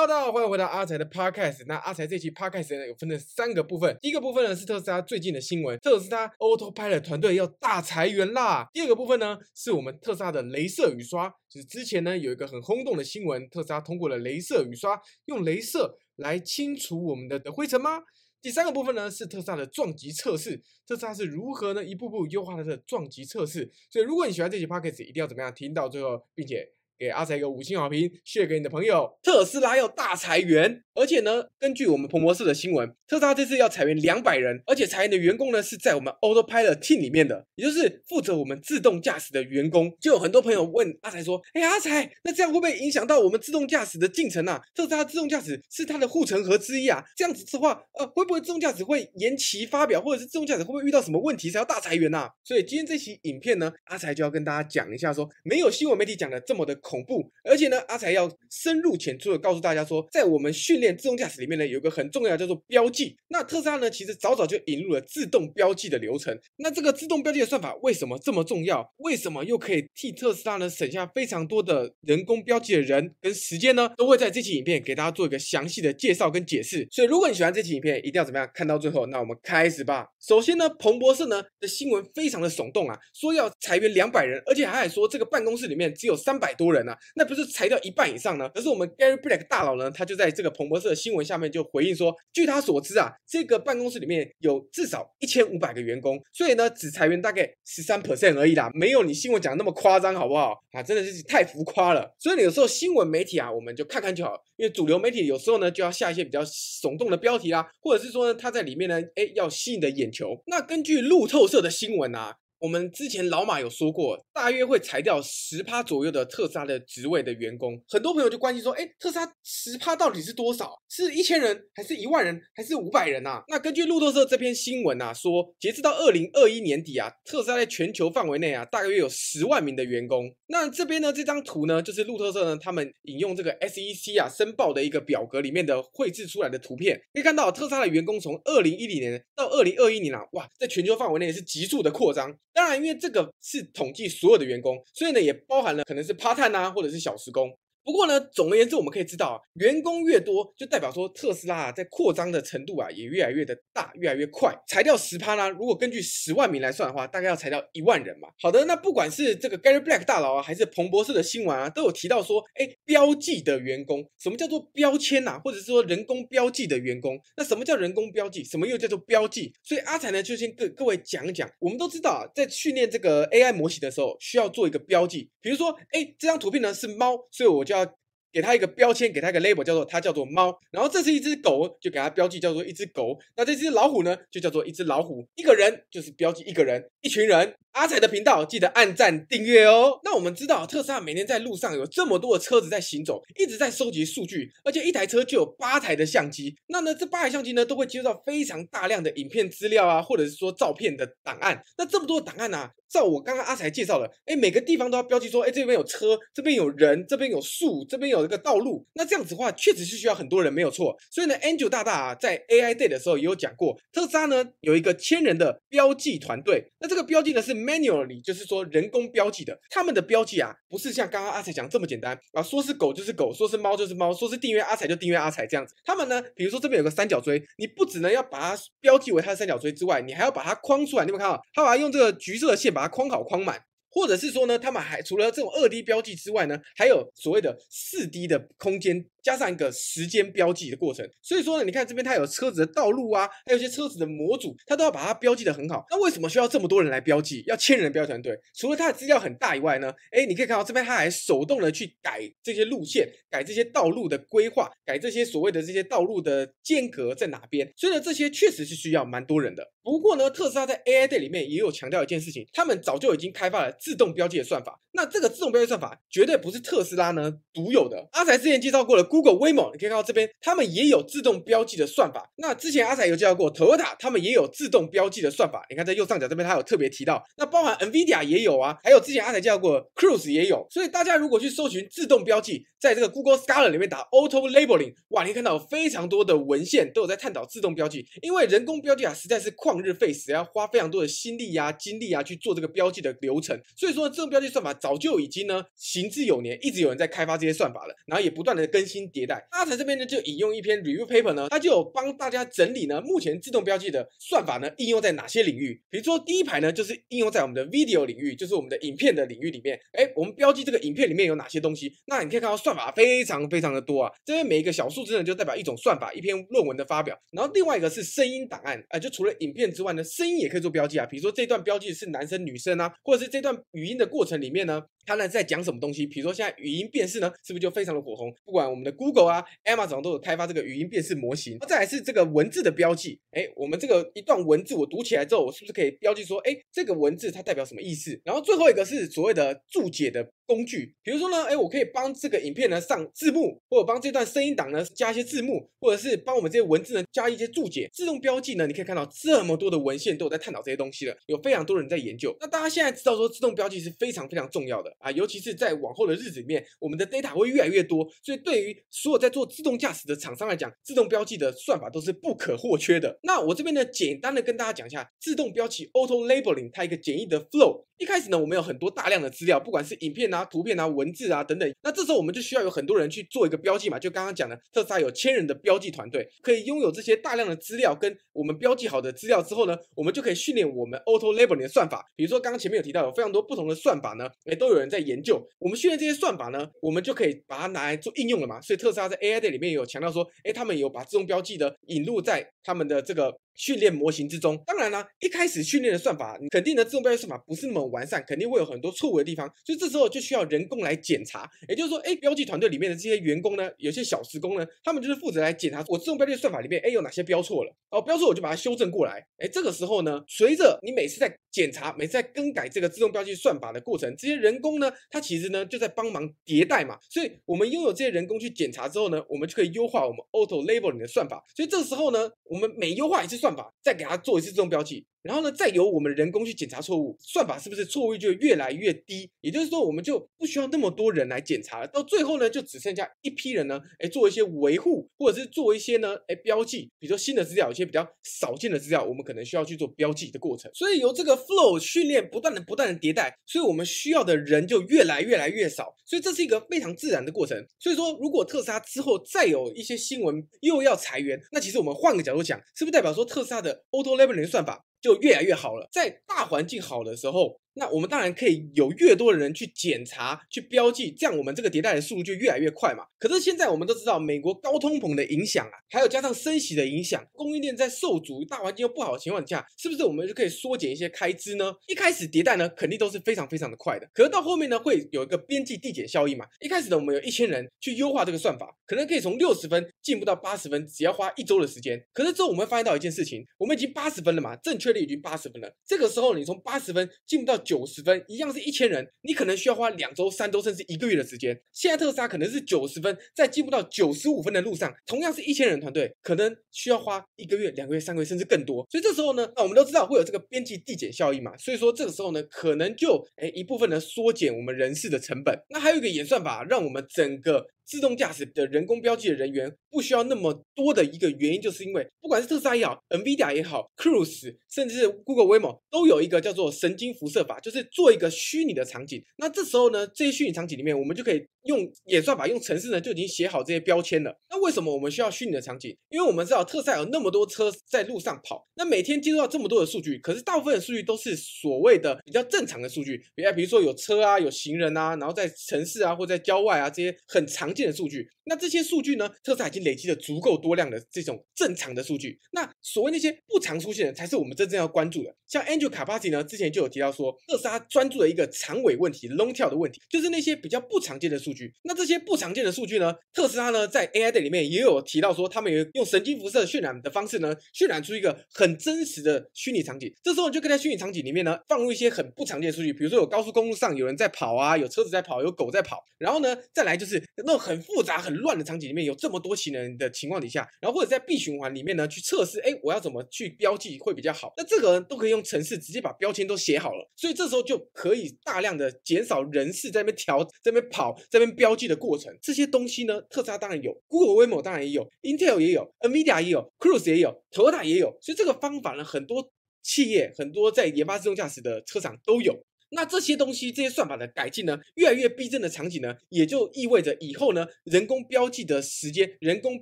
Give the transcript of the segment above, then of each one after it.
哈嘍，大家好，歡迎回到阿財的 podcast。那阿財這期 podcast 呢有分成三個部分，第一個部分呢是特斯拉最近的新聞，特斯拉 Autopilot 團隊要大裁員啦。第二個部分呢是我們特斯拉的雷射雨刷，就是之前呢有一個很轟動的新聞，特斯拉通過了雷射雨刷，用雷射來清除我們的灰塵嗎？第三個部分呢是特斯拉的撞擊測試，特斯拉是如何呢一步步優化它的撞擊測試。所以如果你喜歡這期 podcast，一定要怎麼樣，聽到最後，並且，給阿才一個五星好評 share 給你的朋友。特斯拉要大裁員，而且呢，根據我們彭博社的新聞，特斯拉這次要裁員兩百人，而且裁員的員工呢是在我們 Autopilot team 裡面的，也就是負責我們自動駕駛的員工。就有很多朋友問阿才說：“哎、欸，阿才，那這樣會不會影響到我們自動駕駛的進程啊？特斯拉自動駕駛是它的護城河之一啊，這樣子的話，呃，會不會自動駕駛會延期發表，或者是自動駕駛會不會遇到什麼問題才要大裁員啊？所以今天這期影片呢，阿才就要跟大家講一下說，說沒有新聞媒體講的這麼的。恐怖！而且呢，阿財要深入淺出的告訴大家說，在我們訓練自動駕駛裡面呢，有一個很重要的叫做標記。那特斯拉呢，其實早早就引入了自動標記的流程。那這個自動標記的算法為什麼這麼重要？為什麼又可以替特斯拉呢省下非常多的人工標記的人跟時間呢？都會在這期影片給大家做一個詳細的介紹跟解釋。所以如果你喜歡這期影片，一定要怎麼樣看到最後。那我們開始吧。首先呢，彭博社呢的新聞非常的聳動啊，說要裁員兩百人，而且還說這個辦公室裡面只有三百多人。啊、那不是裁掉一半以上呢？可是我們 Gary Black 大佬呢，他就在這個彭博社的新聞下面就回應說，據他所知啊，這個辦公室裡面有至少一千五百個員工，所以呢，只裁員大概十三 percent 而已啦，沒有你新聞講的那麼誇張，好不好？啊，真的是太浮誇了。所以有時候新聞媒體啊，我們就看看就好了，因為主流媒體有時候呢，就要下一些比較聳動的標題啦、啊，或者是說呢，他在裡面呢，誒，要吸引的眼球。那根據路透社的新聞啊。我們之前老馬有說過，大約會裁掉十趴左右的特斯拉的職位的員工。很多朋友就關心說，誒，特斯拉十趴到底是多少？是一千人，還是一萬人，還是五百人啊？那根據路透社這篇新聞啊，說截至到二零二一年底啊，特斯拉在全球範圍內啊，大約有十萬名的員工。那這邊呢，這張圖呢，就是路透社呢他們引用這個 SEC 啊申報的一個表格裡面的繪制出來的圖片，可以看到特斯拉的員工從二零一零年到二零二一年啊，哇，在全球範圍內是急速的擴張。當然，因為這個是統計所有的員工，所以呢，也包含了可能是 part time 啊，或者是小時工。不過呢，總而言之，我們可以知道啊，員工越多，就代表說特斯拉啊，在擴張的程度啊，也越來越的大，越來越快。裁掉十趴呢，如果根據十萬名來算的話，大概要裁掉一萬人嘛。好的，那不管是這個 Gary Black 大佬啊，還是彭博社的新聞啊，都有提到說，哎，標記的員工，什麼叫做標籤吶、啊？或者是說人工標記的員工，那什麼叫人工標記？什麼又叫做標記？所以阿財呢，就先各各位講一講。我們都知道啊，在訓練這個 AI 模型的時候，需要做一個標記，比如說，哎，這張圖片呢是貓，所以我。就要給他一個標籤，給他一個 label，叫做它叫做貓。然後這是一只狗，就給它標記叫做一只狗。那這只老虎呢，就叫做一只老虎。一個人就是標記一個人，一群人。阿財的頻道，記得按贊訂閱哦。那我們知道特斯拉每天在路上有這麼多的車子在行走，一直在收集數據，而且一台車就有八台的相機。那呢，這八台相機呢都會接到非常大量的影片資料啊，或者是說照片的檔案。那這麼多的檔案呢、啊，照我剛剛阿財介紹的，哎、欸，每個地方都要標記說，哎、欸，這邊有車，這邊有人，這邊有樹，這邊有一個道路。那這樣子的話，確實是需要很多人，沒有錯。所以呢，Angel 大大、啊、在 AI Day 的時候也有講過，特斯拉呢有一個千人的標記團隊。那這個標記呢是。manually 就是說人工標記的，他們的標記啊，不是像剛剛阿財講這麼簡單啊，說是狗就是狗，說是貓就是貓，說是訂閱阿財就訂閱阿財這樣子。他們呢，比如說這邊有個三角錐，你不只能要把它標記為它的三角錐之外，你還要把它框出來。你們看啊，他把它用這個橘色的線把它框好框滿，或者是說呢，他們還除了這種二 D 標記之外呢，還有所謂的四 D 的空間。加上一個時間標記的過程，所以說呢，你看這邊它有車子的道路啊，還有一些車子的模組，它都要把它標記得很好。那為什麼需要這麼多人來標記？要千人標團隊？除了它的資料很大以外呢，哎，你可以看到這邊它還手動的去改這些路線，改這些道路的規劃，改這些所謂的這些道路的間隔在哪邊。所以呢，這些確實是需要蠻多人的。不過呢，特斯拉在 AI day 裡面也有強調一件事情，他們早就已經開發了自動標記的算法。那這個自動標記算法絕對不是特斯拉呢獨有的。阿財之前介紹過的。Google、Waymo，你可以看到這邊，他們也有自動標記的算法。那之前阿財有介紹過 Toyota，他們也有自動標記的算法。你看在右上角這邊，他有特別提到。那包含 NVIDIA 也有啊，還有之前阿財介紹過，Cruise 也有。所以大家如果去搜尋自動標記，在這個 Google Scholar 裡面打 Auto Labeling，哇，你看到非常多的文獻都有在探討自動標記，因為人工標記啊實在是曠日費時，要花非常多的心力呀、啊、精力啊去做這個標記的流程，所以說自這種標記算法早就已經呢行之有年，一直有人在開發這些算法了，然後也不斷的更新迭代。阿財這邊呢就引用一篇 Review Paper 呢，它就有幫大家整理呢目前自動標記的算法呢應用在哪些領域，比如說第一排呢就是應用在我們的 Video 領域，就是我們的影片的領域裡面，哎、欸，我們標記這個影片裡面有哪些東西，那你可以看到算。算法非常非常的多啊，這邊每一個小數字呢就代表一種算法，一篇論文的發表。然後另外一個是聲音檔案，哎、呃，就除了影片之外呢，聲音也可以做標記啊。比如說這段標記是男生、女生啊，或者是這段語音的過程裡面呢。他呢在講什麼東西？比如說現在語音辨識呢，是不是就非常的火紅？不管我們的 Google 啊，Amazon 都有開發這個語音辨識模型。那再來是這個文字的標記，哎，我們這個一段文字我讀起來之後，我是不是可以標記說，哎，這個文字它代表什麼意思？然後最後一個是所謂的注解的工具，比如說呢，哎，我可以幫這個影片呢上字幕，或者幫這段聲音檔呢加一些字幕，或者是幫我們這些文字呢加一些注解。自動標記呢，你可以看到這麼多的文獻都有在探討這些東西了，有非常多人在研究。那大家現在知道說自動標記是非常非常重要的。啊，尤其是在往後的日子裡面，我們的 data 會越來越多，所以對於所有在做自動駕駛的廠商來講，自動標記的算法都是不可或缺的。那我這邊呢，簡單的跟大家講一下自動標記 auto labeling 它一個簡易的 flow。一開始呢，我們有很多大量的資料，不管是影片啊、圖片啊、文字啊等等，那這時候我們就需要有很多人去做一個標記嘛，就剛剛講的特斯拉有千人的標記團隊，可以擁有這些大量的資料跟我們標記好的資料之後呢，我們就可以訓練我們 auto labeling 的算法。比如說剛剛前面有提到有非常多不同的算法呢，也都有。在研究我們訓練這些算法呢，我們就可以把它拿來做應用了嘛。所以特斯拉在 AI 的裡面也有強調說，誒、欸，他們有把自動標記的引入在他們的這個。訓練模型之中，當然啦，一開始訓練的算法你肯定呢，自動標記算法不是那麼完善，肯定會有很多錯誤的地方，所以這時候就需要人工來檢查，也就是說，哎，標記團隊裡面的這些員工呢，有些小時工呢，他們就是負責來檢查我自動標記算法裡面，哎，有哪些標錯了，哦，標錯我就把它修正過來，哎，這個時候呢，隨着你每次在檢查，每次在更改這個自動標記算法的過程，這些人工呢，它其實呢就在幫忙迭代嘛，所以我們擁有這些人工去檢查之後呢，我們就可以優化我們 auto label 裡面的算法，所以這時候呢，我們每優化一次算再給他做一次自動標記。然後呢，再由我們人工去檢查錯誤，算法是不是錯誤率就越來越低，也就是說，我們就不需要那麼多人來檢查了。到最後呢，就只剩下一批人呢，哎，做一些維護，或者是做一些呢，哎，標記，比如說新的資料，有些比較少見的資料，我們可能需要去做標記的過程。所以由這個 flow 訓練不斷的、不斷的迭代，所以我們需要的人就越來越來越少。所以這是一個非常自然的過程。所以說，如果特斯拉之後再有一些新聞又要裁員，那其實我們換個角度講，是不是代表說特斯拉的 Auto Labeling 算法就越來越好了，在大環境好的時候。那我們當然可以有越多的人去檢查、去標記，這樣我們這個迭代的速度就越來越快嘛。可是現在我們都知道美國高通膨的影響啊，還有加上升息的影響，供應鏈在受阻、大環境又不好的情況下，是不是我們就可以縮減一些開支呢？一開始迭代呢，肯定都是非常非常的快的。可是到後面呢，會有一個邊際遞減效益嘛。一開始呢，我們有一千人去優化這個算法，可能可以從六十分進步到八十分，只要花一周的時間。可是之後我們會發現到一件事情，我們已經八十分了嘛，正確率已經八十分了。這個時候你從八十分進步到九十分，一樣是一千人，你可能需要花兩週、三周，甚至一個月的時間。現在特斯拉可能是九十分，在進步到九十五分的路上，同樣是一千人團隊，可能需要花一個月、兩個月、三個月，甚至更多。所以這時候呢，那、啊、我們都知道會有這個邊際遞減效益嘛，所以說這個時候呢，可能就誒一部分的縮減我們人事的成本。那還有一個演算法，讓我們整個。自動駕駛的人工標記的人員不需要那麼多的一個原因，就是因為不管是特斯拉也好，NVIDIA 也好，Cruise 甚至是 Google Waymo 都有一個叫做神經輻射法，就是做一個虛擬的場景。那這時候呢，這些虛擬場景裡面，我們就可以用演算法、用程式呢就已經寫好這些標籤了。那為什麼我們需要虛擬的場景？因為我們知道特斯拉有那麼多車在路上跑，那每天接觸到這麼多的數據，可是大部分的數據都是所謂的比較正常的數據，比如比如說有車啊、有行人啊，然後在城市啊或在郊外啊這些很常見。借數據。那這些數據呢？特斯拉已經累積了足夠多量的這種正常的數據。那所謂那些不常出現的，才是我們真正要關注的。像 Angel 卡巴斯基呢，之前就有提到說，特斯拉專注的一個長尾問題 （long 的問題），就是那些比較不常見的數據。那這些不常見的數據呢？特斯拉呢，在 AI 的裡面也有提到說，他們有用神經輻射渲染的方式呢，渲染出一個很真實的虛擬場景。這時候，你就可以在虛擬場景裡面呢，放入一些很不常見的數據，比如說有高速公路上有人在跑啊，有車子在跑，有狗在跑。然後呢，再來就是那種很複雜很。亂的場景裡面有這麼多行人的情況底下，然後或者在閉循環裡面呢，去測試，哎，我要怎麼去標記會比較好？那這個都可以用程式直接把標籤都寫好了，所以這時候就可以大量的減少人事在那邊調、在那邊跑、在那邊標記的過程。這些東西呢，特斯拉當然有，Google、Waymo 當然也有，Intel 也有，Nvidia 也有，Cruise 也有，Toyota 也有。所以這個方法呢，很多企業、很多在研發自動駕駛的車廠都有。那這些東西，這些算法的改進呢，越來越逼真的場景呢，也就意味着以後呢，人工標記的時間，人工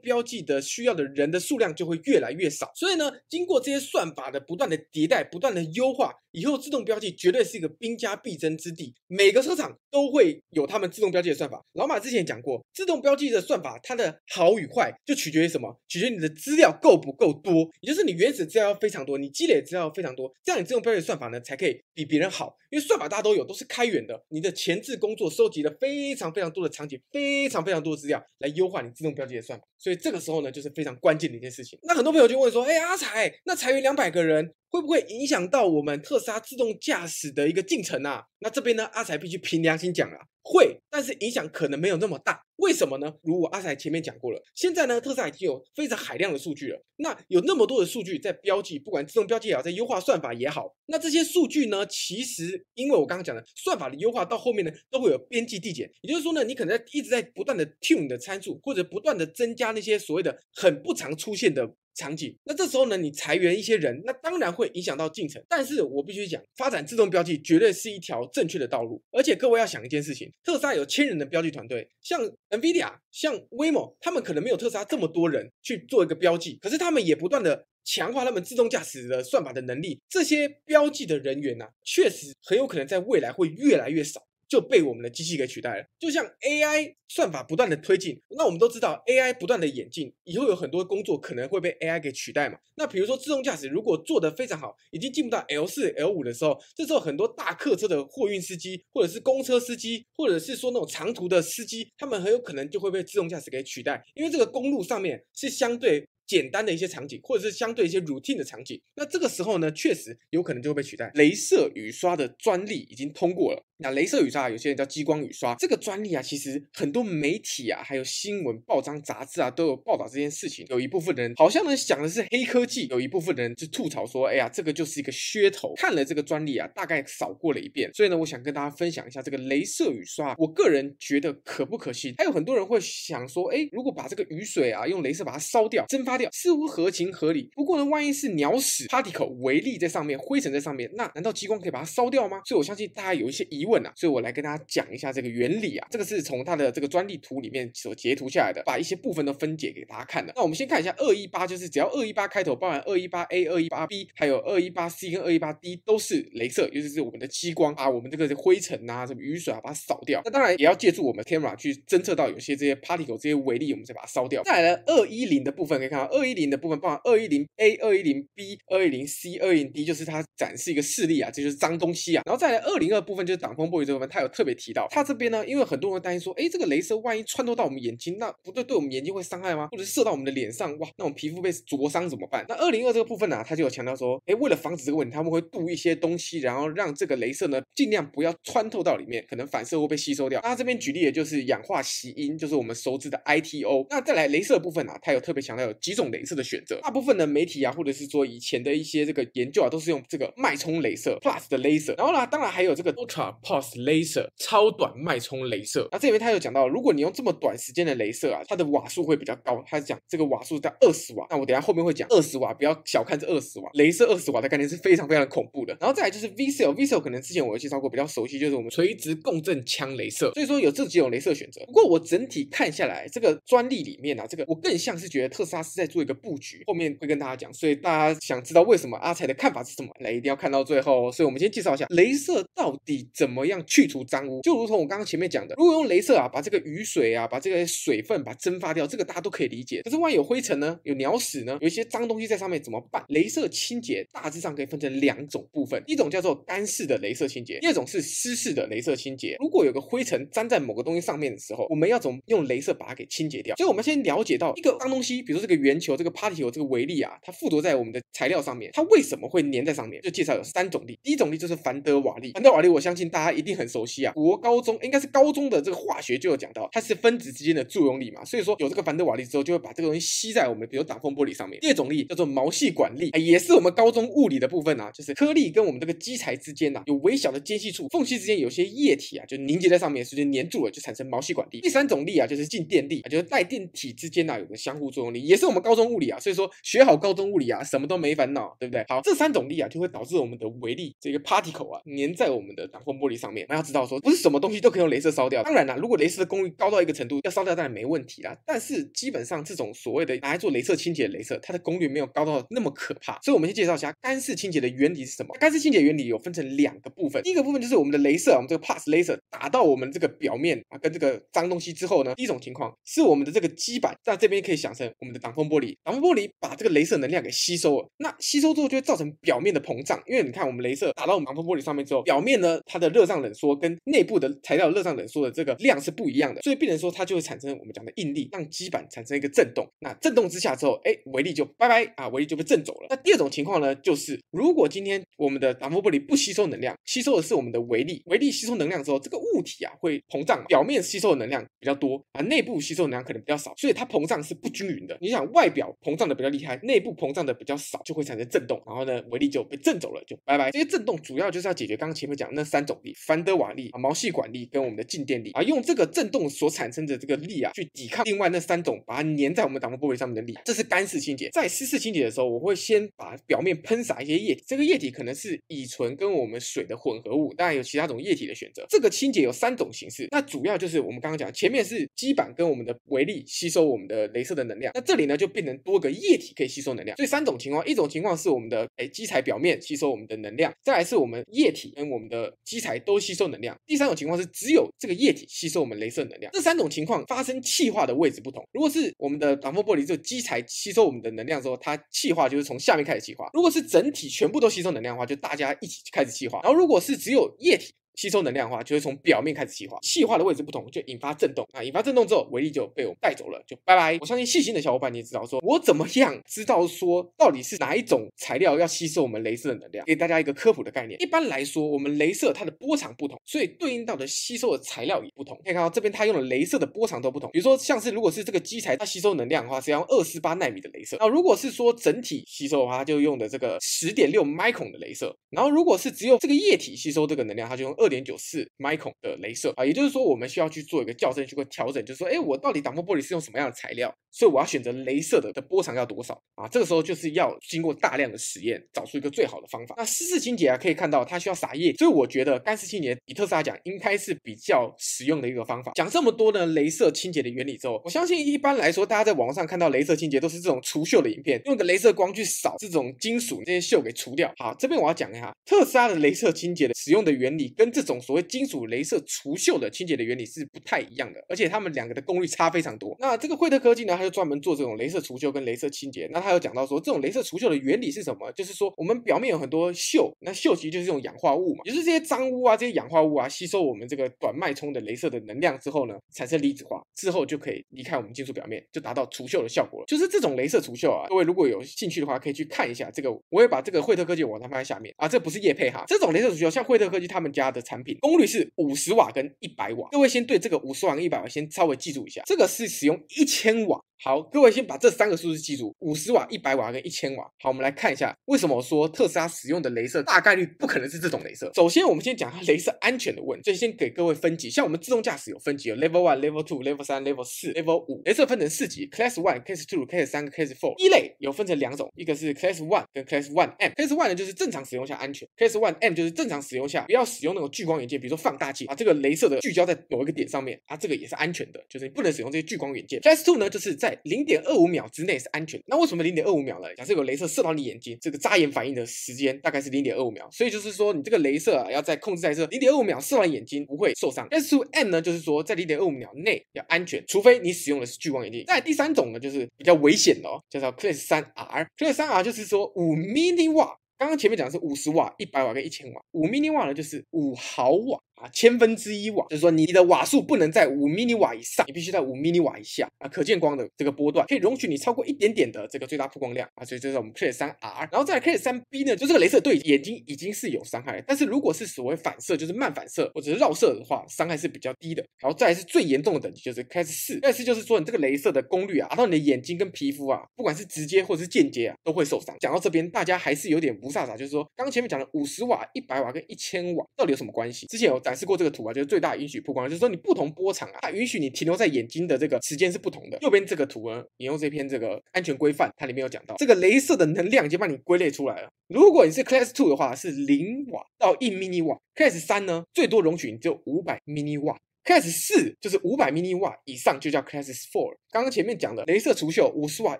標記的需要的人的數量就會越來越少。所以呢，經過這些算法的不斷的迭代，不斷的優化，以後自動標記絕對是一個兵家必爭之地。每個車廠都會有他們自動標記的算法。老馬之前講過，自動標記的算法，它的好與壞就取決於什麼？取決於你的資料夠不夠多，也就是你原始資料要非常多，你積累的資料非常多，這樣你自動標記的算法呢，才可以比別人好。因為算法，大家都有，都是開源的。你的前置工作收集了非常非常多的場景，非常非常多的資料來優化你自動標記的算法，所以這個時候呢，就是非常關鍵的一件事情。那很多朋友就問說：“哎、欸，阿財，那裁員兩百個人？”會不會影響到我們特斯拉自動駕駛的一個進程啊？那這邊呢，阿財必須憑良心講了，啊，會，但是影響可能沒有那麼大。為什麼呢？如果阿財前面講過了，現在呢，特斯拉已經有非常海量的數據了。那有那麼多的數據在標記，不管自動標記也好，在優化算法也好，那這些數據呢，其實因為我剛剛講的算法的優化到後面呢，都會有邊際遞減，也就是說呢，你可能一直在不斷的 tune 的參數，或者不斷的增加那些所謂的很不常出現的。場景，那這時候呢，你裁員一些人，那當然會影響到進程。但是我必須講，發展自動標記絕對是一條正確的道路。而且各位要想一件事情，特斯拉有千人的標記團隊，像 Nvidia，像 Waymo，他們可能沒有特斯拉這麼多人去做一個標記，可是他們也不斷的強化他們自動駕駛的算法的能力。這些標記的人員，呃，呢，確實很有可能在未來會越來越少。就被我們的機器給取代了。就像 AI 算法不斷的推進，那我們都知道 AI 不斷的演進，以後有很多工作可能會被 AI 給取代嘛。那比如說自動駕駛，如果做得非常好，已經進不到 L 四、L 五的時候，這時候很多大客車的貨運司機，或者是公車司機，或者是說那種長途的司機，他們很有可能就會被自動駕駛給取代，因為這個公路上面是相對，簡單的一些場景，或者是相對一些 routine 的場景，那這個時候呢，確實有可能就會被取代。鐳射雨刷的專利已經通過了。那鐳射雨刷，有些人叫激光雨刷，這個專利啊，其實很多媒體啊，還有新聞報章、雜誌啊，都有報道這件事情。有一部分人好像呢想的是黑科技，有一部分人是吐槽說，哎呀，這個就是一個噱頭。看了這個專利啊，大概掃過了一遍，所以呢，我想跟大家分享一下這個鐳射雨刷，我個人覺得可不可信？還有很多人會想說，哎，如果把這個雨水啊，用鐳射把它燒掉、蒸發？似乎合情合理，不過呢，萬一是鳥屎、particle 微粒在上面，灰塵在上面，那難道激光可以把它燒掉嗎？所以我相信大家有一些疑問啊，所以我來跟大家講一下這個原理啊。這個是從它的這個專利圖裡面所截圖下來的，把一些部分都分解給大家看的。那我們先看一下二一八，就是只要二一八開頭，包含二一八 A、二一八 B，還有二一八 C 跟二一八 D 都是雷射，就是我們的激光，把我們這個灰塵啊、什麼雨水啊把它掃掉。那當然也要借助我們 camera 去偵測到有些這些 particle 這些微粒，我們再把它燒掉。再來呢，二一零的部分可以看到。二一零的部分，包含二一零 A、二一零 B、二一零 C、二一零 D，就是它展示一個示例啊，這就是髒東西啊。然後再來二零二部分，就是擋風玻璃這部分，它有特別提到，它這邊呢，因為很多人會擔心說，哎，這個鐳射萬一穿透到我們眼睛，那不對，對我們眼睛會傷害嗎？或者射到我們的臉上，哇，那我們皮膚被灼傷怎麼辦？那二零二這個部分呢、啊，它就有強調說，哎，為了防止這個問題，他們會鍍一些東西，然後讓這個鐳射呢，儘量不要穿透到裡面，可能反射會被吸收掉。那這邊舉例的就是氧化錫銦，就是我們熟知的 ITO。那再來鐳射部分啊，它有特別強調有極。這種鐳射的選擇，大部分的媒體啊，或者是說以前的一些這個研究啊，都是用這個脈衝鐳射 plus 的鐳射，然後呢，啊，當然還有這個 ultra pulse laser 超短脈衝鐳射。那這裡面他有講到，如果你用這麼短時間的鐳射啊，它的瓦數會比較高。他講這個瓦數在二十瓦，那我等一下後面會講二十瓦，不要小看這二十瓦，鐳射二十瓦的概念是非常非常的恐怖的。然後再來就是 VCSEL VCSEL 可能之前我有介紹過，比較熟悉就是我們垂直共振腔鐳射。所以說有這幾種鐳射選擇。不過我整體看下來，這個專利裡面啊，這個我更像是覺得特斯拉斯。再做一個布局，後面會跟大家講。所以大家想知道為什麼阿、啊、財的看法是什麼，來一定要看到最後。所以我們先介紹一下，鐳射到底怎麼樣去除髒污。就如同我剛剛前面講的，如果用鐳射啊，把這個雨水啊，把這個水分把蒸發掉，這個大家都可以理解。可是萬一有灰塵呢，有呢？有鳥屎呢？有一些髒東西在上面怎麼辦？鐳射清潔大致上可以分成兩種部分，一種叫做乾式的鐳射清潔，第二種是濕式的鐳射清潔。如果有個灰塵粘在某個東西上面的時候，我們要怎麼用鐳射把它給清潔掉？所以我們先了解到一個髒東西，比如說這個圓。圓球這個 party 我這個微粒啊，它附着在我們的材料上面，它為什麼會粘在上面？就介紹有三種力，第一種力就是凡德瓦利，凡德瓦利我相信大家一定很熟悉啊，國高中、欸、應該是高中的這個化學就有講到，它是分子之間的作用力嘛，所以說有這個凡德瓦利之後，就會把這個東西吸在我們比如擋風玻璃上面。第二種力叫做毛細管力，啊，也是我們高中物理的部分啊，就是顆粒跟我們這個基材之間吶、啊、有微小的間隙處，縫隙之間有些液體啊就凝結在上面，所以就粘住了，就產生毛細管力。第三種力啊就是靜電力，就是帶電、啊就是、電體之間吶、啊、有個相互作用力，也是我們。高中物理啊，所以說學好高中物理啊，什麼都沒煩惱，對不對？好，這三種力啊，就會導致我們的微粒，這個 particle 啊，粘在我們的擋風玻璃上面。那要知道說，不是什麼東西都可以用鐳射燒掉。當然啦，如果鐳射的功率高到一個程度，要燒掉當然沒問題啦。但是基本上這種所謂的拿來做鐳射清潔的鐳射，它的功率沒有高到那麼可怕。所以，我們先介紹一下乾式清潔的原理是什麼。乾式清潔原理有分成兩個部分，第一個部分就是我們的鐳射，我們這個 pass laser 打到我們這個表面啊，跟這個髒東西之後呢，第一種情況是我們的這個基板，在這邊可以想成我們的擋風。玻璃，擋風玻璃把這個鐳射能量給吸收了，那吸收之後就會造成表面的膨脹。因為你看，我們鐳射打到我們擋風玻璃上面之後，表面呢，它的熱脹冷縮跟內部的材料熱脹冷縮的這個量是不一樣的，所以變成說它就會產生我們講的應力，讓基板產生一個震動。那震動之下之後，哎、欸，微粒就拜拜啊，微粒就被震走了。那第二種情況呢，就是如果今天我們的擋風玻璃不吸收能量，吸收的是我們的微粒，微粒吸收能量之後，這個物體啊會膨脹，表面吸收的能量比較多啊，內部吸收能量可能比較少，所以它膨脹是不均勻的。你想。外表膨脹的比較厲害，內部膨脹的比較少，就會產生震動，然後呢，微粒就被震走了，就拜拜。這些震動主要就是要解決剛剛前面講的那三種力：凡德瓦力啊、毛細管力跟我們的靜電力啊。用這個震動所產生的這個力啊，去抵抗另外那三種把它粘在我們擋風玻璃上面的力。這是乾式清潔，在濕式清潔的時候，我會先把表面噴灑一些液體，這個液體可能是乙醇跟我們水的混合物，當然有其他種液體的選擇。這個清潔有三種形式，那主要就是我們剛剛講前面是基板跟我們的微粒吸收我們的鐳射的能量，那這裡呢就。變成多個液體可以吸收能量。這三種情況，一種情況是我們的哎基材表面吸收我們的能量，再來是我們液體跟我們的基材都吸收能量，第三種情況是只有這個液體吸收我們雷射能量。這三種情況發生氣化的位置不同，如果是我們的擋風玻璃就基材吸收我們的能量的時候，它氣化就是從下面開始氣化；如果是整體全部都吸收能量的話，就大家一起開始氣化。然後如果是只有液體。吸收能量的話，就會從表面開始氣化。氣化的位置不同，就引發震動。那引發震動之後，微粒就被我們帶走了，就拜拜。我相信細心的小夥伴你也知道說，說我怎麼樣知道說到底是哪一種材料要吸收我們鐳射的能量？給大家一個科普的概念。一般來說，我們鐳射它的波長不同，所以對應到的吸收的材料也不同。可以看到這邊它用的鐳射的波長都不同。比如說像是如果是這個基材，它吸收能量的話是要用二四八納米的鐳射。那如果是說整體吸收的話，它就用的這個十點六 micron 的鐳射。然後如果是只有這個液體吸收這個能量，它就用二。點九四 micron 的鐳射啊，也就是說我們需要去做一個校正，去做調整，就是說，哎、欸，我到底擋風玻璃是用什麼樣的材料，所以我要選擇鐳射的的波長要多少啊？這個時候就是要經過大量的實驗，找出一個最好的方法。那濕式清潔啊，可以看到它需要撒液，所以我覺得乾式清潔以特斯拉講應該是比較實用的一個方法。講這麼多呢，鐳射清潔的原理之後，我相信一般來說大家在網上看到鐳射清潔都是這種除鏽的影片，用個鐳射光去掃這種金屬這些鏽給除掉。好，這邊我要講一下特斯拉的鐳射清潔的使用的原理跟跟這種所謂金屬鐳射除鏽的清潔的原理是不太一樣的，而且他們兩個的功率差非常多。那這個惠特科技呢，它就專門做這種鐳射除鏽跟鐳射清潔。那它有講到說，這種鐳射除鏽的原理是什麼？就是說我們表面有很多鏽，那鏽其實就是這種氧化物嘛，就是這些髒污、啊這些氧化物啊，吸收我們這個短脈衝的鐳射的能量之後呢，產生離子化之後就可以離開我們金屬表面，就達到除鏽的效果了。就是這種鐳射除鏽啊，各位如果有興趣的話，可以去看一下這個。我也把這個惠特科技網站放在下面啊，這不是業配哈，這種鐳射除鏽像惠特科技他們家的。的產品功率是五十瓦跟一百瓦，各位先對這個五十瓦、跟一百瓦先稍微記住一下。這個是使用一千瓦。好，各位先把這三個數字記住：五十瓦、一百瓦跟一千瓦。好，我們來看一下為什麼我說特斯拉使用的鐳射大概率不可能是這種鐳射。首先，我們先講下鐳射安全的問題。所以先給各位分級，像我們自動駕駛有分級，有 Level One、Level Two、Level 三、Level 四、Level 五。鐳射分成四級：Class One、Class Two、Class 三、Class Four。一類有分成兩種，一個是 Class One Class One M。Class One 呢就是正常使用下安全，Class One M 就是正常使用下不要使用那種、個。聚光眼鏡，比如說放大鏡啊，把這個鐳射的聚焦在某一個點上面啊，這個也是安全的，就是你不能使用這些聚光眼鏡。Class two 呢，就是在零點二五秒之內是安全。那為什麼零點二五秒呢？假設有鐳射射到你眼睛，這個眨眼反應的時間大概是零點二五秒，所以就是說你這個鐳射、啊、要在控制在這零點二五秒，射完眼睛不會受傷。Class two M 呢，就是說在零點二五秒內要安全，除非你使用的是聚光眼鏡。那第三種呢，就是比較危險的哦，叫做 Class 三 R。Class 三 R 就是說五 milliwatt。剛剛前面講的是五十瓦、一百瓦跟一千瓦，五 mini 瓦呢，就是五毫瓦。啊，千分之一瓦，就是說你的瓦數不能在五迷你瓦以上，你必須在五迷你瓦以下。啊，可見光的這個波段可以容許你超過一點點的這個最大曝光量啊，所以這是我們 K 三 R。然後再來 K 三 B 呢，就這個雷射對眼睛已經是有傷害，但是如果是所謂反射，就是漫反射或者是繞射的話，傷害是比較低的。然後再來是最嚴重的等級就是 K 四，但是就是說你這個雷射的功率啊，達到你的眼睛跟皮膚啊，不管是直接或者是間接啊，都會受傷。講到這邊，大家還是有點霧煞煞，就是說剛前面講的五十瓦、一百瓦跟一千瓦到底有什麼關係？之前有。展示過這個圖啊，就是最大的允許曝光，就是說你不同波長啊，它允許你停留在眼睛的這個時間是不同的。右邊這個圖呢，引用這篇這個安全規範，它裡面有講到這個鐳射的能量已經幫你歸類出來了。如果你是 Class Two 的話，是零瓦到一 mini 瓦；Class 三呢，最多容許你只有五百 mini 瓦；Class 四就是五百 mini 瓦以上就叫 Class Four。剛剛前面講的鐳射除鏽，五十瓦、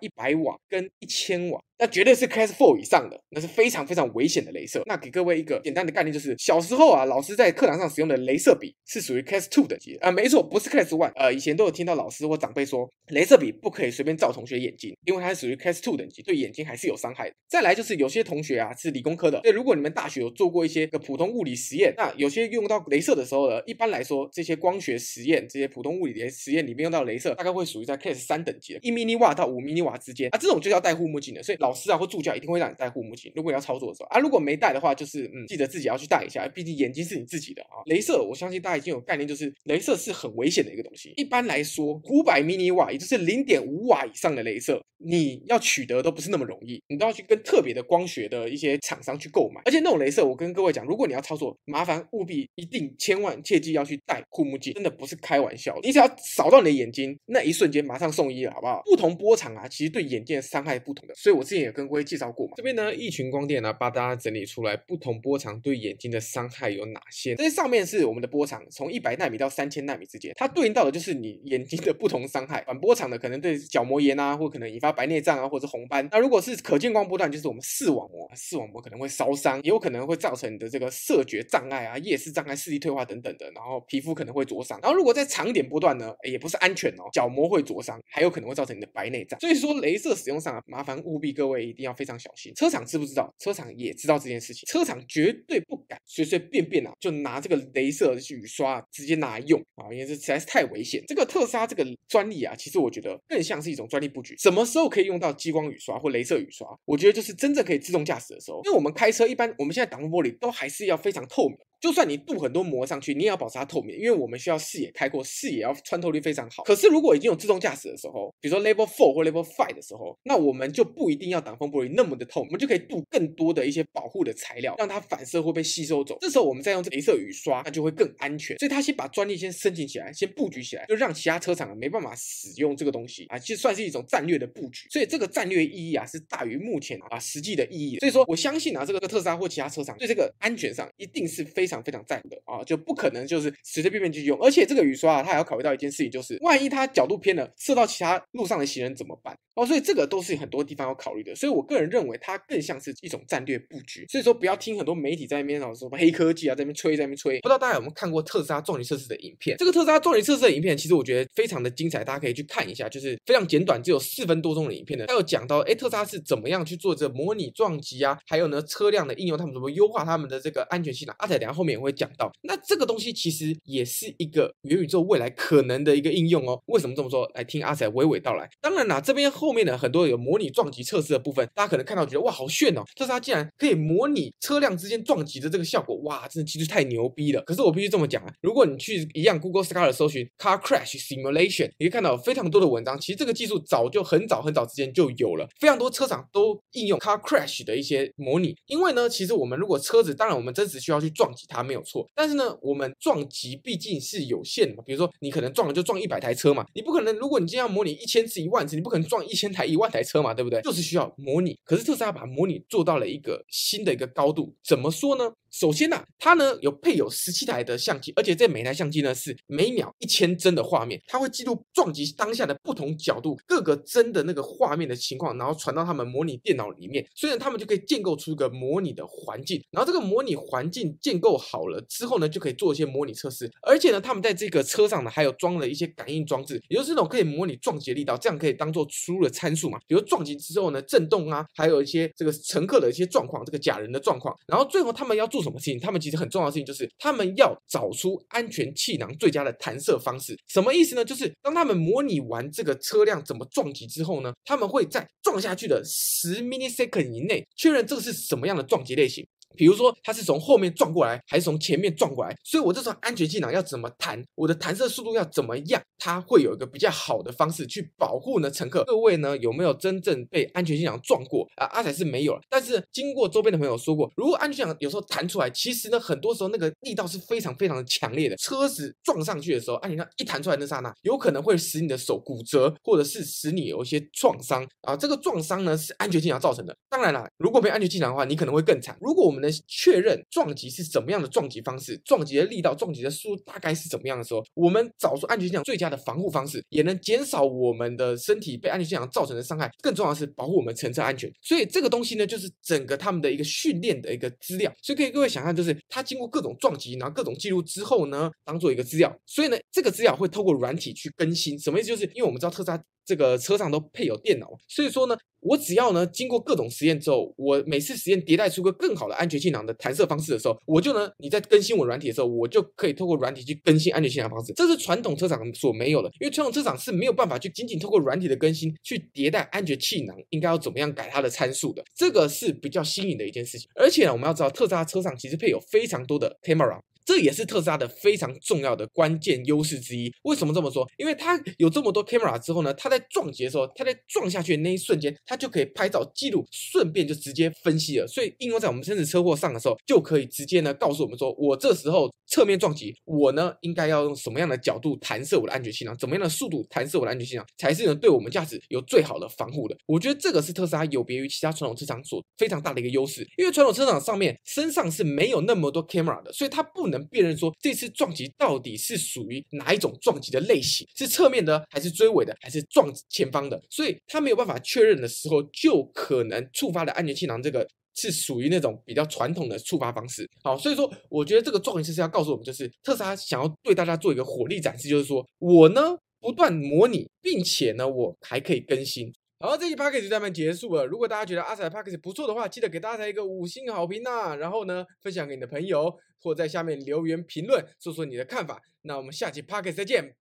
一百瓦跟一千瓦。那絕對是 Class Four 以上的，那是非常非常危險的鐳射。那給各位一個簡單的概念，就是小時候啊，老師在課堂上使用的鐳射筆是屬於 Class Two 等級啊，呃，沒錯，不是 Class One。呃，以前都有聽到老師或長輩說，鐳射筆不可以隨便照同學眼睛，因為它是屬於 Class Two 等級，對眼睛還是有傷害的。再來就是有些同學啊是理工科的，那如果你們大學有做過一些個普通物理實驗，那有些用到鐳射的時候呢，一般來說這些光學實驗、這些普通物理的實驗裡面用到鐳射，大概會屬於在 Class 三等級的，一 mini 瓦到五 mini 瓦之間。啊，這種就叫戴護目鏡的，所以老。老師啊，或助教一定會讓你戴護目鏡。如果你要操作的時候啊，如果沒戴的話，就是嗯，記得自己要去戴一下。畢竟眼睛是你自己的啊。雷射，我相信大家已經有概念，就是雷射是很危險的一個東西。一般來說，五百 mini 瓦，也就是零點五瓦以上的雷射，你要取得都不是那麼容易，你都要去跟特別的光學的一些廠商去購買。而且那種雷射，我跟各位講，如果你要操作，麻煩務必一定千萬切記要去戴護目鏡，真的不是開玩笑。你只要掃到你的眼睛那一瞬間，馬上送醫了，好不好？不同波長啊，其實對眼睛的傷害不同的，所以我自己。也跟各位介紹過嘛，這邊呢，一群光電呢、啊、幫大家整理出來，不同波長對眼睛的傷害有哪些？這些上面是我們的波長，從一百納米到三千納米之間，它對應到的就是你眼睛的不同傷害。短波長的可能對角膜炎啊，或可能引發白內障啊，或者是紅斑。那如果是可見光波段，就是我們視網膜，視網膜可能會燒傷，也有可能會造成你的這個色覺障礙啊、夜視障礙、視力退化等等的。然後皮膚可能會灼傷。然後如果在長點波段呢，也不是安全哦，角膜會灼傷，還有可能會造成你的白內障。所以說，雷射使用上啊，麻煩務必各位。各位一定要非常小心，車廠知不知道？車廠也知道這件事情，車廠絕對不敢隨隨便便啊，就拿這個雷射雨刷直接拿來用啊，哦，因為這實在是太危險。這個特斯拉這個專利啊，其實我覺得更像是一種專利布局，什麼時候可以用到激光雨刷或雷射雨刷？我覺得就是真正可以自動駕駛的時候，因為我們開車一般，我們現在擋風玻璃都還是要非常透明。就算你鍍很多膜上去，你也要保持它透明，因為我們需要視野開闊，視野要穿透力非常好。可是如果已經有自動駕駛的時候，比如說 Level Four 或 Level Five 的時候，那我們就不一定要擋風玻璃那麼的透，我們就可以鍍更多的一些保護的材料，讓它反射或被吸收走。這時候我們再用這個鐳射雨刷，那就會更安全。所以它先把專利先申請起來，先布局起來，就讓其他車廠沒辦法使用這個東西啊，其實算是一種戰略的布局。所以這個戰略意義啊是大於目前啊，啊實際的意義的。所以說我相信啊，這個特斯拉或其他車廠對這個安全上一定是非。非常非常讚的啊，就不可能就是隨隨便便去用，而且這個雨刷啊，它還要考慮到一件事情，就是萬一它角度偏了，射到其他路上的行人怎麼辦？哦、啊，所以這個都是很多地方要考慮的，所以我個人認為它更像是一種戰略布局。所以說不要聽很多媒體在那邊老說什麼黑科技啊，在那邊吹，在那邊吹。不知道大家有沒有看過特斯拉撞擊測試的影片？這個特斯拉撞擊測試的影片，其實我覺得非常的精彩，大家可以去看一下，就是非常簡短，只有四分多鐘的影片呢。它有講到哎、欸，特斯拉是怎麼樣去做這模擬撞擊啊，還有呢車輛的應用，他們怎麼優化他們的這個安全系統啊？再、啊、聊。後面也會講到，那這個東西其實也是一個元宇宙未來可能的一個應用哦。為什麼這麼說？來聽阿財娓娓道來。當然啦，這邊後面呢很多有模擬撞擊測試的部分，大家可能看到覺得哇好炫哦，這是它竟然可以模擬車輛之間撞擊的這個效果，哇，真的技術太牛逼了。可是我必須這麼講，啊，如果你去一樣 Google Scholar 搜尋 car crash simulation，你會看到非常多的文章。其實這個技術早就很早很早之前就有了，非常多車廠都應用 car crash 的一些模擬。因為呢，其實我們如果車子，當然我們真實需要去撞擊。它沒有錯，但是呢，我們撞擊畢竟是有限的嘛。比如說，你可能撞了就撞一百台車嘛，你不可能。如果你今天要模擬一千次、一萬次，你不可能撞一千台、一萬台車嘛，對不對？就是需要模擬，可是特斯拉把模擬做到了一個新的一個高度。怎麼說呢？首先呢，它呢有配有十七台的相機，而且這每台相機呢是每秒一千幀的畫面，它會記錄撞擊當下的不同角度、各個幀的那個畫面的情況，然後傳到他們模擬電腦裡面，所以呢，他們就可以建構出一個模擬的環境，然後這個模擬環境建構。好了之後呢，就可以做一些模擬測試。而且呢，他們在這個車上呢，還有裝了一些感應裝置，也就是這種可以模擬撞擊力道，這樣可以當做輸入的參數嘛。比如撞擊之後呢，震動啊，還有一些這個乘客的一些狀況，這個假人的狀況。然後最後他們要做什麼事情？他們其實很重要的事情就是，他們要找出安全氣囊最佳的彈射方式。什麼意思呢？就是當他們模擬完這個車輛怎麼撞擊之後呢，他們會在撞下去的十 ms 以內確認這個是什麼樣的撞擊類型。比如說它是從後面撞過來還是從前面撞過來，所以我這雙安全氣囊要怎麼彈，我的彈射速度要怎麼樣，它會有一個比較好的方式去保護呢乘客。各位呢有沒有真正被安全氣囊撞過啊？阿財是沒有了，但是經過周邊的朋友說過，如果安全氣囊有時候彈出來，其實呢很多時候那個力道是非常非常的強烈的。車子撞上去的時候，安全氣囊一彈出來那剎那，有可能會使你的手骨折，或者是使你有一些創傷啊。這個創傷呢是安全氣囊造成的。當然了，如果沒有安全氣囊的話，你可能會更慘。如果我們能確認撞擊是怎麼樣的撞擊方式，撞擊的力道，撞擊的速度大概是怎麼樣的時候，我們找出安全氣囊最佳的防護方式，也能減少我們的身體被安全氣囊造成的傷害。更重要的是保護我們乘車安全。所以這個東西呢，就是整個他們的一個訓練的一個資料。所以可以各位想象，就是它經過各種撞擊，然後各種記錄之後呢，當做一個資料。所以呢，這個資料會透過軟體去更新。什麼意思？就是因為我們知道特斯拉。這個車上都配有電腦，所以說呢，我只要呢經過各種實驗之後，我每次實驗迭代出個更好的安全氣囊的彈射方式的時候，我就呢你在更新我軟體的時候，我就可以透過軟體去更新安全氣囊方式，這是傳統車廠所沒有的，因為傳統車廠是沒有辦法去僅僅透過軟體的更新去迭代安全氣囊應該要怎麼樣改它的參數的，這個是比較新穎的一件事情。而且呢，我們要知道，特斯拉車上其實配有非常多的 camera。這也是特斯拉的非常重要的關鍵優勢之一。為什麼這麼說？因為它有這麼多 camera 之後呢，它在撞擊的時候，它在撞下去的那一瞬間，它就可以拍照記錄，順便就直接分析了。所以應用在我們真實車禍上的時候，就可以直接呢告訴我們說，我這時候，側面撞擊，我呢應該要用什麼樣的角度彈射我的安全氣囊？怎麼樣的速度彈射我的安全氣囊才是能對我們駕駛有最好的防護的？我覺得這個是特斯拉有別於其他傳統車廠所非常大的一個優勢。因為傳統車廠上面身上是沒有那麼多 camera 的，所以它不能辨認說這次撞擊到底是屬於哪一種撞擊的類型，是側面的還是追尾的還是撞前方的，所以它沒有辦法確認的時候，就可能觸發了安全氣囊這個。是屬於那種比較傳統的觸發方式，好，所以說我覺得這個狀態就是要告訴我們，就是特斯拉想要對大家做一個火力展示，就是說我呢不斷模擬，並且呢我還可以更新。好，這期 Podcast 就到這結束了。如果大家覺得阿財的 Podcast 不錯的話，記得給大家一個五星好評吶、啊，然後呢分享給你的朋友，或在下面留言評論說說你的看法。那我們下期 Podcast 再見。